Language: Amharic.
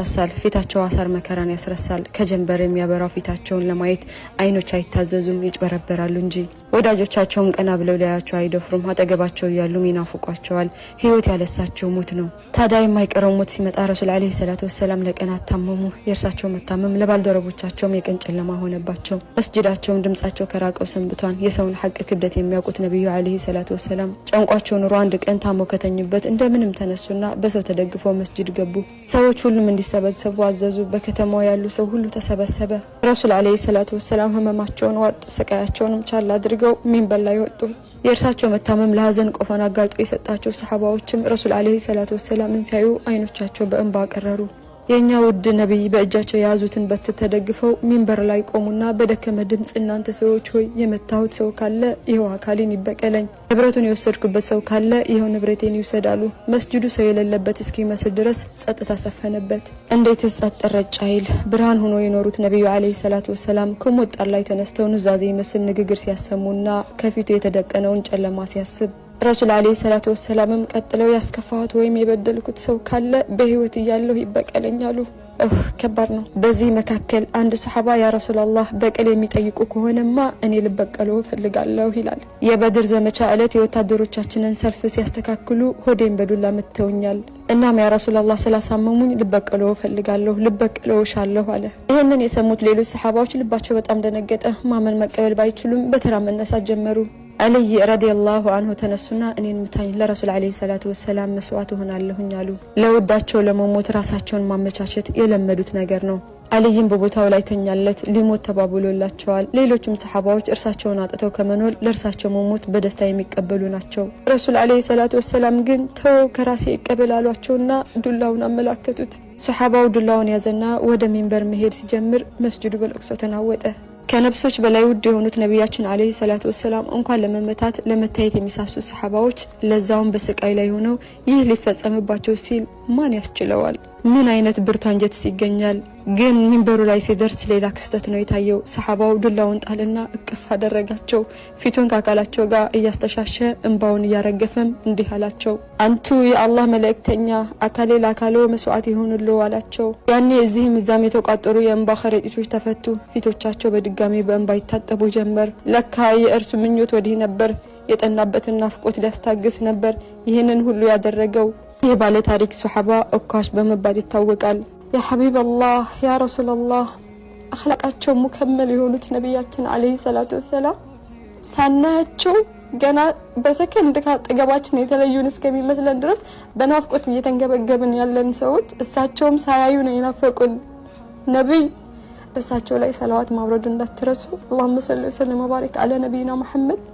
ያሳል ፊታቸው አሳር መከራን ያስረሳል። ከጀንበር የሚያበራው ፊታቸውን ለማየት አይኖች አይታዘዙም ይጭበረበራሉ እንጂ። ወዳጆቻቸውም ቀና ብለው ሊያያቸው አይደፍሩም። አጠገባቸው እያሉም ይናፍቋቸዋል። ህይወት ያለሳቸው ሞት ነው። ታዲያ የማይቀረው ሞት ሲመጣ ረሱል አለ ሰላት ወሰላም ለቀናት ታመሙ። የእርሳቸው መታመም ለባልደረቦቻቸውም የቀን ጨለማ ሆነባቸው። መስጅዳቸውም ድምጻቸው ከራቀው ሰንብቷን። የሰውን ሀቅ ክብደት የሚያውቁት ነቢዩ አለ ሰላት ወሰላም ጨንቋቸው ኑሮ አንድ ቀን ታመው ከተኙበት እንደምንም ተነሱና በሰው ተደግፈው መስጅድ ገቡ። ሰዎች ሁሉም እንዲ እንዲሰበሰቡ አዘዙ። በከተማው ያሉ ሰው ሁሉ ተሰበሰበ። ረሱል አለይሂ ሰላቱ ወሰላም ህመማቸውን ዋጥ፣ ስቃያቸውንም ቻል አድርገው ሚንበር ላይ ወጡ። የእርሳቸው መታመም ለሀዘን ቆፈን አጋልጦ የሰጣቸው ሰሓባዎችም ረሱል አለይሂ ሰላቱ ወሰላምን ሲያዩ አይኖቻቸው በእንባ ቀረሩ። የእኛ ውድ ነቢይ በእጃቸው የያዙትን በት ተደግፈው ሚንበር ላይ ቆሙና በደከመ ድምፅ እናንተ ሰዎች ሆይ የመታሁት ሰው ካለ ይኸው አካሌን ይበቀለኝ፣ ንብረቱን የወሰድኩበት ሰው ካለ ይኸው ንብረቴን ይውሰዳሉ። መስጅዱ ሰው የሌለበት እስኪመስል ድረስ ጸጥታ ሰፈነበት። እንዴት ጸጥ ረጭ አይል ብርሃን ሆኖ የኖሩት ነቢዩ ዓለይሂ ሰላቱ ወሰላም ከሞጣር ላይ ተነስተው ኑዛዜ ይመስል ንግግር ሲያሰሙና ከፊቱ የተደቀነውን ጨለማ ሲያስብ ረሱል አለይሂ ሰላቱ ወሰላምም ቀጥለው ያስከፋሁት ወይም የበደልኩት ሰው ካለ በህይወት እያለሁ ይበቀለኛሉ። ከባድ ነው። በዚህ መካከል አንድ ሰሓባ ያ ረሱላላህ በቀል የሚጠይቁ ከሆነማ እኔ ልበቀሎ ፈልጋለሁ ይላል። የበድር ዘመቻ ዕለት የወታደሮቻችንን ሰልፍ ሲያስተካክሉ ሆዴን በዱላ መትተውኛል። እናም ያ ረሱላላህ ስላሳመሙኝ ልበቀሎ ፈልጋለሁ ልበቀሎ እሻለሁ አለ። ይህንን የሰሙት ሌሎች ሰሓባዎች ልባቸው በጣም ደነገጠ። ማመን መቀበል ባይችሉም በተራ መነሳት ጀመሩ። አልይ ረዲየላሁ አንሁ ተነሱና እኔን ምታኝ ለረሱል ዓለይሂ ሰላቱ ወሰላም መስዋዕት እሆናለሁኝ አሉ። ለወዳቸው ለመሞት ራሳቸውን ማመቻቸት የለመዱት ነገር ነው። አልይም በቦታው ላይ ተኛለት፣ ሊሞት ተባብሎላቸዋል። ሌሎችም ሰሓባዎች እርሳቸውን አጥተው ከመኖር ለእርሳቸው መሞት በደስታ የሚቀበሉ ናቸው። ረሱል ዓለይሂ ሰላቱ ወሰላም ግን ተወው ከራሴ ይቀበል አሏቸውና ዱላውን አመላከቱት። ሰሓባው ዱላውን ያዘና ወደ ሚንበር መሄድ ሲጀምር መስጅዱ በለቅሶ ተናወጠ። ከነብሶች በላይ ውድ የሆኑት ነቢያችን አለይሂ ሰላቱ ወሰላም እንኳን ለመመታት ለመታየት የሚሳሱ ሰሓባዎች ለዛውን በስቃይ ላይ ሆነው ይህ ሊፈጸምባቸው ሲል ማን ያስችለዋል? ምን አይነት ብርቱ አንጀትስ ይገኛል? ግን ሚንበሩ ላይ ሲደርስ ሌላ ክስተት ነው የታየው። ሰሓባው ዱላውን ጣልና እቅፍ አደረጋቸው። ፊቱን ከአካላቸው ጋር እያስተሻሸ እንባውን እያረገፈም እንዲህ አላቸው፣ አንቱ የአላህ መልእክተኛ አካሌ ለአካሎ መስዋዕት ይሆንሎ አላቸው። ያኔ እዚህም እዛም የተቋጠሩ የእንባ ከረጢቶች ተፈቱ። ፊቶቻቸው በድጋሚ በእንባ ይታጠቡ ጀመር። ለካ የእርሱ ምኞት ወዲህ ነበር። የጠናበትን ናፍቆት ሊያስታግስ ነበር ይህንን ሁሉ ያደረገው። ይህ ባለ ታሪክ ሶሓባ ኦካሽ በመባል ይታወቃል። ያ ሐቢብ አላህ ያ ረሱል አላህ አክላቃቸው ሙከመል የሆኑት ነቢያችን አለይሂ ሰላቱ ወሰላም ሳናያቸው ገና በሰከንድ ካጠገባችን የተለዩን እስከሚመስለን ድረስ በናፍቆት እየተንገበገብን ያለን ሰዎች እሳቸውም ሳያዩ ነው የናፈቁን። ነቢይ በእሳቸው ላይ ሰላዋት ማብረዱ እንዳትረሱ። አላሁመ ሰሊ ወሰለም ወባሪክ አለ ነቢይና መሐመድ